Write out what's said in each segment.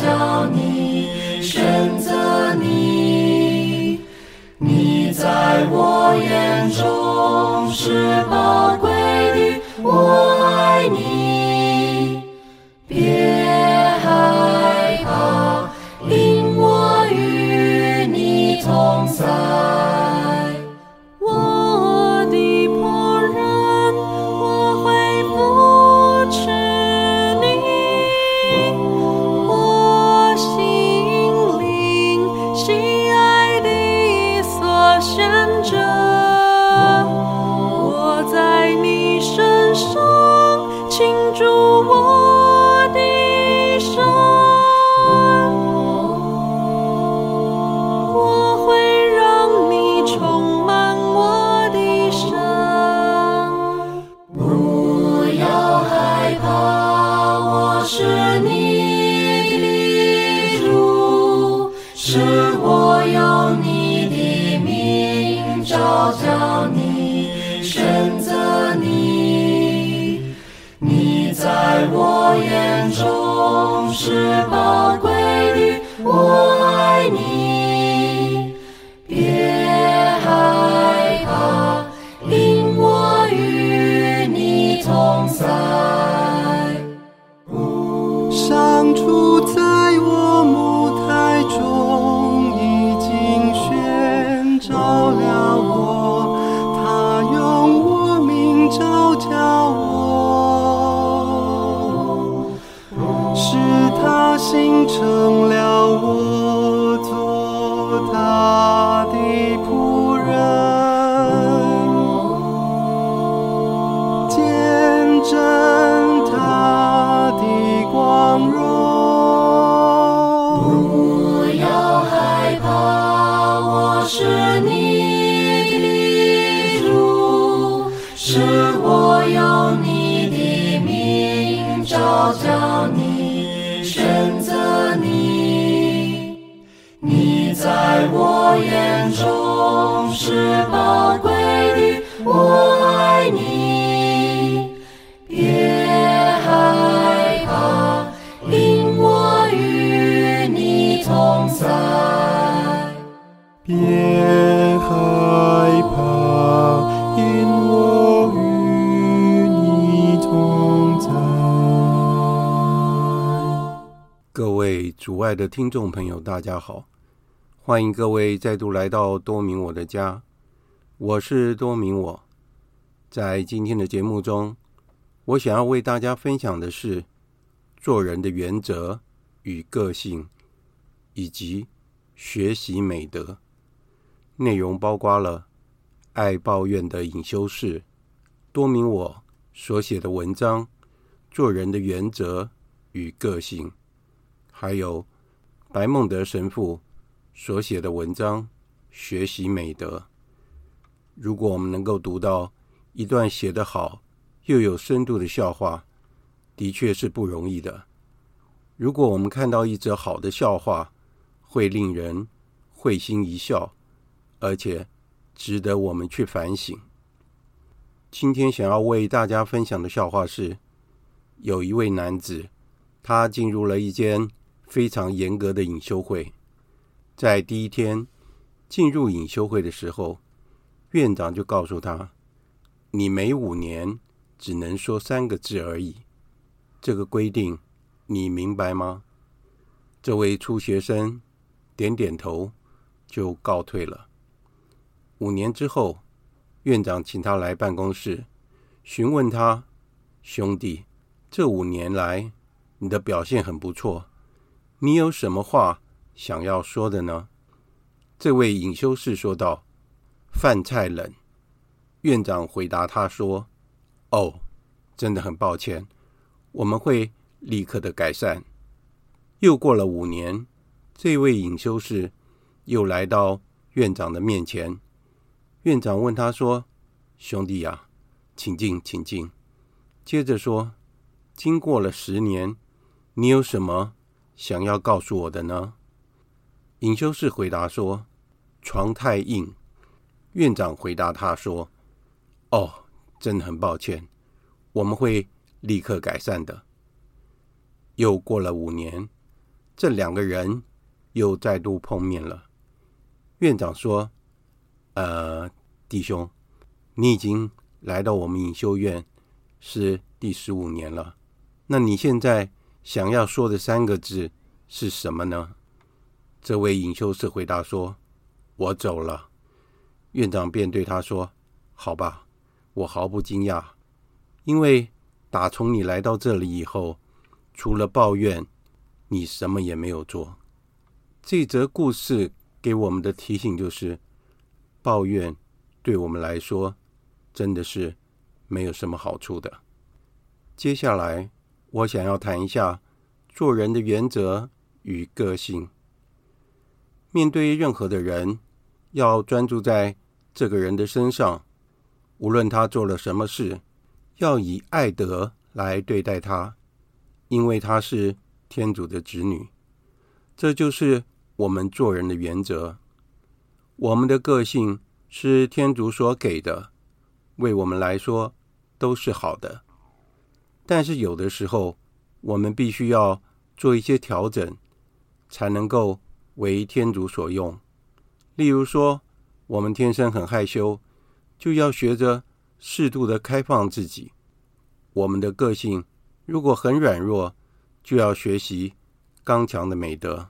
叫你選擇你，你在我眼中是寶貴的。我。別害怕，因我與你同在。各位主愛的聽眾朋友，大家好，歡迎各位再度來到多明我的家。我是多明我。在今天的節目中，我想要為大家分享的是，做人的原則與個性，以及學習美德。內容包括了愛抱怨的隱修士，多明我所寫的文章，做人的原則與個性，還有白孟德神父所寫的文章，學習美德。如果我們能夠讀到一段寫得好又有深度的笑話，的確是不容易的。如果我們看到一則好的笑話，會令人慧心一笑。而且，值得我們去反省。今天想要為大家分享的笑話是：有一位男子，他進入了一間非常嚴格的隱修會。在第一天進入隱修會的時候，院長就告訴他：“你每五年只能說三個字而已。”這個規定，你明白嗎？這位初學生點點頭，就告退了。五年之後，院長請他來辦公室，詢問他：“兄弟，這五年來你的表現很不錯，你有什麼話想要說的呢？”這位隱修士說道：“飯菜冷。”院長回答他說：“哦，真的很抱歉，我們會立刻的改善。”又過了五年，這位隱修士又來到院長的面前。院長問他說：“兄弟呀、啊，請進，請進。”接着說：“經過了十年，你有什麼想要告訴我的呢？”隱修士回答說：“床太硬。”院長回答他說：“哦，真的很抱歉，我們會立刻改善的。”又過了五年，這兩個人又再度碰面了。院長說。呃，弟兄，你已經來到我們隱修院是第十五年了，那你現在想要說的三個字是什麼呢？這位隱修士回答說：“我走了。”院長便對他說：“好吧，我毫不驚訝，因為打從你來到這裡以後，除了抱怨，你什麼也沒有做。”這則故事給我們的提醒就是。抱怨對我們來說真的是沒有什麼好處的。接下來，我想要談一下做人的原則與個性。面對任何的人，要專注在這個人的身上，無論他做了什麼事，要以愛德來對待他，因為他是天主的子女。這就是我們做人的原則。我們的個性是天主所給的，為我們來說都是好的。但是有的時候，我們必須要做一些調整，才能夠為天主所用。例如說，我們天生很害羞，就要學着適度的開放自己。我們的個性如果很軟弱，就要學習剛強的美德。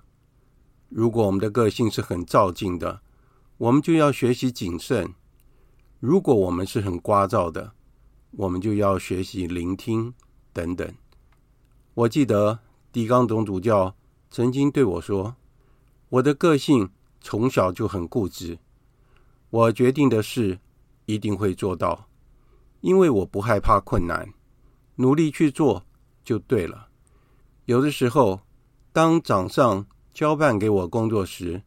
如果我們的個性是很躁進的，我們就要學習謹慎。如果我們是很聒噪的，我們就要學習聆聽等等。我記得狄剛總主教曾經對我說：“我的個性從小就很固執，我決定的事一定會做到，因為我不害怕困難，努力去做就對了。”有的時候，當長上交辦給我工作時，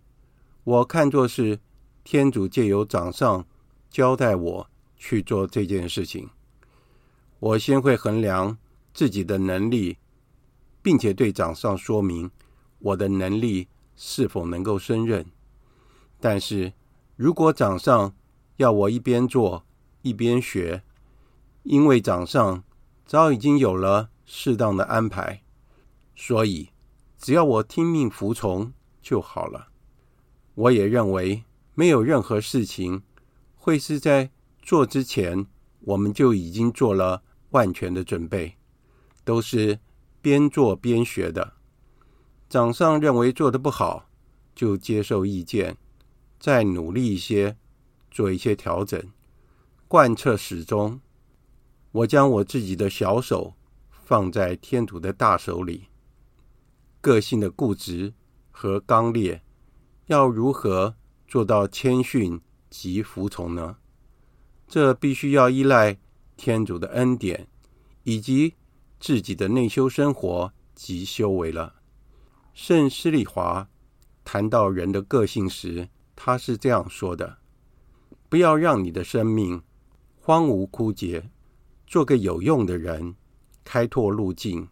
我看作是。天主藉由長上交代我去做這件事情，我先會衡量自己的能力，並且對長上說明我的能力是否能夠勝任。但是，如果長上要我一邊做一邊學，因為長上早已經有了適當的安排，所以只要我聽命服從就好了。我也認為。沒有任何事情會是在做之前我們就已經做了萬全的準備，都是邊做邊學的。長上認為做得不好，就接受意見，再努力一些，做一些調整，貫徹始終。我將我自己的小手放在天主的大手裡，個性的固執和剛烈，要如何？做到謙遜及服從呢？這必須要依賴天主的恩典以及自己的內修生活及修為了。聖施禮華談到人的個性時，他是這樣說的：“不要讓你的生命荒蕪枯竭，做個有用的人，開拓路徑，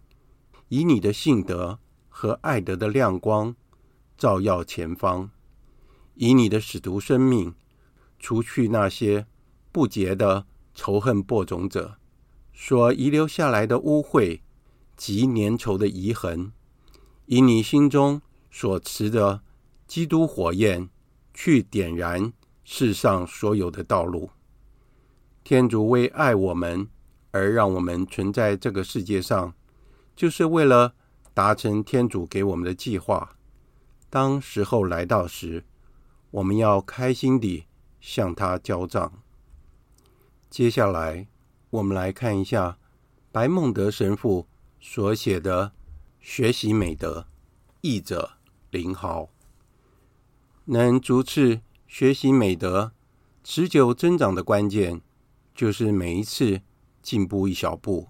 以你的信德和愛德的亮光照耀前方。”以你的使徒生命，除去那些不潔的仇恨播種者所遺留下來的污穢及粘稠的遺痕，以你心中所持的基督火焰去點燃世上所有的道路。天主為愛我們而讓我們存在這個世界上，就是為了達成天主給我們的計劃。當時候來到時，我們要開心地向他交賬。接下來，我們來看一下白孟德神父所寫的《學習美德》，譯者林豪。能逐次學習美德、持久增長的關鍵，就是每一次進步一小步。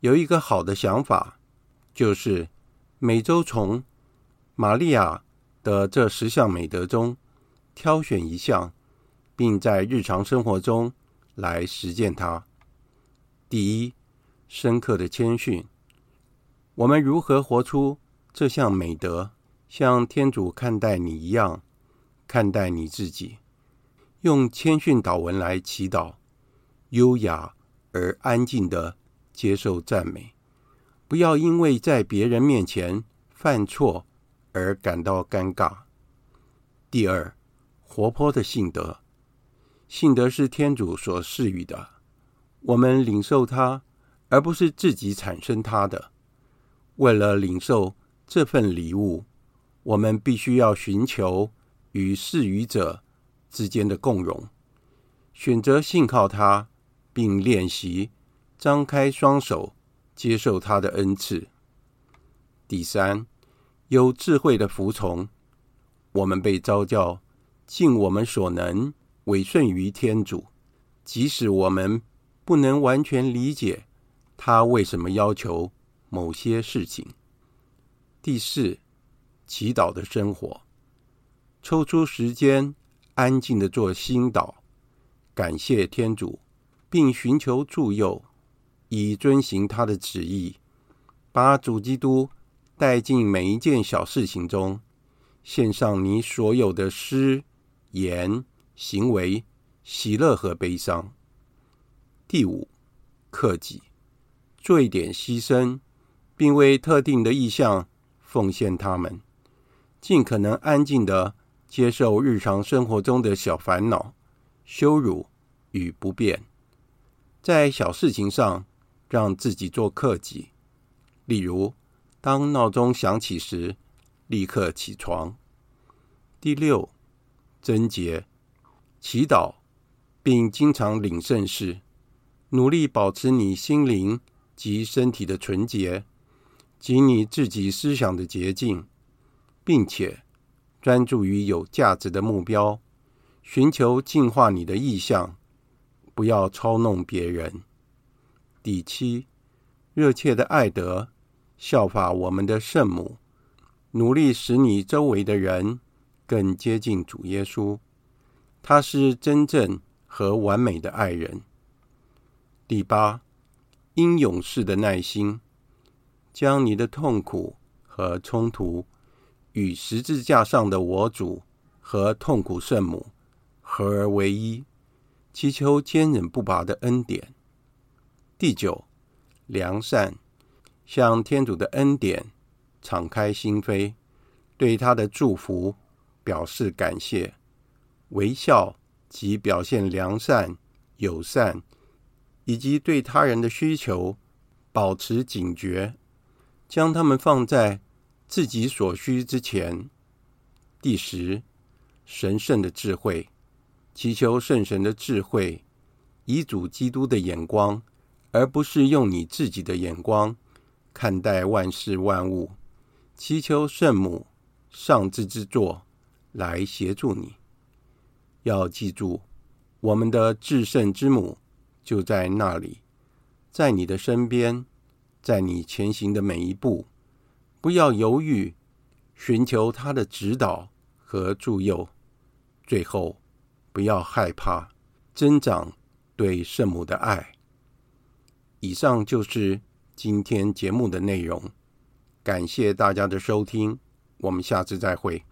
有一個好的想法，就是每周從瑪利亞的這十項美德中，挑選一項，並在日常生活中來實踐它。第一，深刻的謙遜。我們如何活出這項美德？像天主看待你一樣看待你自己，用謙遜禱文來祈禱，優雅而安靜地接受讚美，不要因為在別人面前犯錯而感到尷尬。第二。活潑的信德，信德是天主所賜予的，我們領受它，而不是自己產生它的。為了領受這份禮物，我們必須要尋求與賜予者之間的共融。選擇信靠他，並練習張開雙手接受他的恩賜。第三，有智慧的服從，我們被召叫。盡我們所能，委順於天主，即使我們不能完全理解他為什麼要求某些事情。第四，祈禱的生活，抽出時間安靜的做心禱，感謝天主，並尋求助佑，以遵行他的旨意，把主基督帶進每一件小事情中，獻上你所有的詩言、行為、喜樂和悲傷。第五，克己，做一點犧牲，並為特定的意向奉獻它們。盡可能安靜地接受日常生活中的小煩惱、羞辱與不便，在小事情上讓自己做克己。例如，當鬧鐘響起時，立刻起床。第六，貞潔、祈禱，並經常領聖事，努力保持你心靈及身體的純潔，及你自己思想的潔淨，並且專注於有價值的目標，尋求淨化你的意向，不要操弄別人。第七，熱切的愛德，效法我們的聖母，努力使你周圍的人。更接近主耶穌，他是真正和完美的愛人。第八，英勇式的耐心，將你的痛苦和衝突與十字架上的我主和痛苦聖母合而為一，祈求堅韌不拔的恩典。第九，良善，向天主的恩典敞開心扉，對他的祝福。表示感謝，微笑及表現良善、友善，以及對他人的需求保持警覺，將他們放在自己所需之前。第十，神聖的智慧，祈求聖神的智慧，以主基督的眼光，而不是用你自己的眼光看待萬事萬物，祈求聖母上智之座，來協助你。要記住，我們的至聖之母就在那裡，在你的身邊，在你前行的每一步。不要猶豫，尋求他的指導和助佑。最後，不要害怕增長對聖母的愛。以上就是今天節目的內容。感謝大家的收聽，我們下次再會。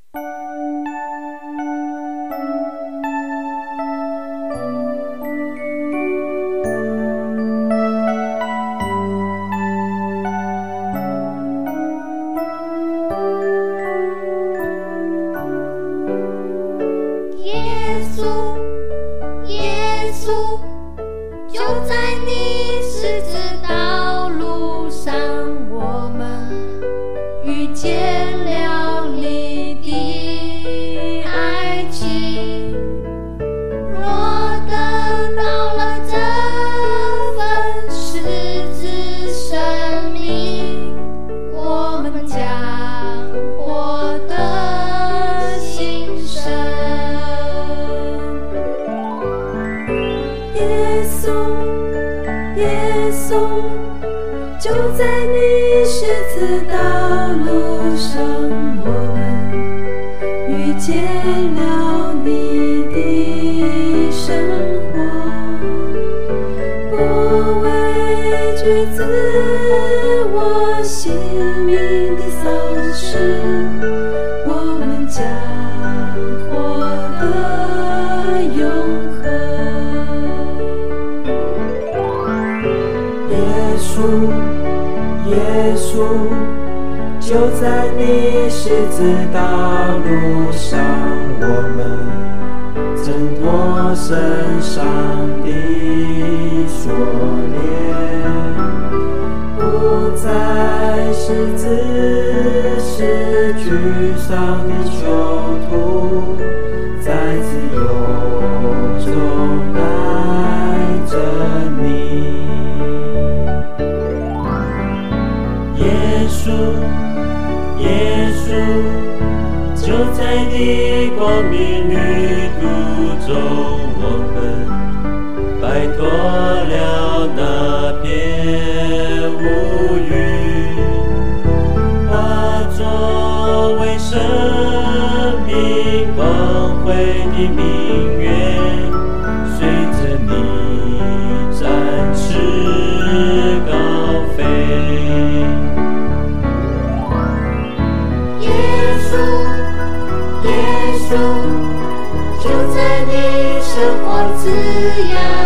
十字道路上烏雲化作為生命光輝的明月，隨着你展翅高飛。耶穌，耶穌，就在你生活滋養。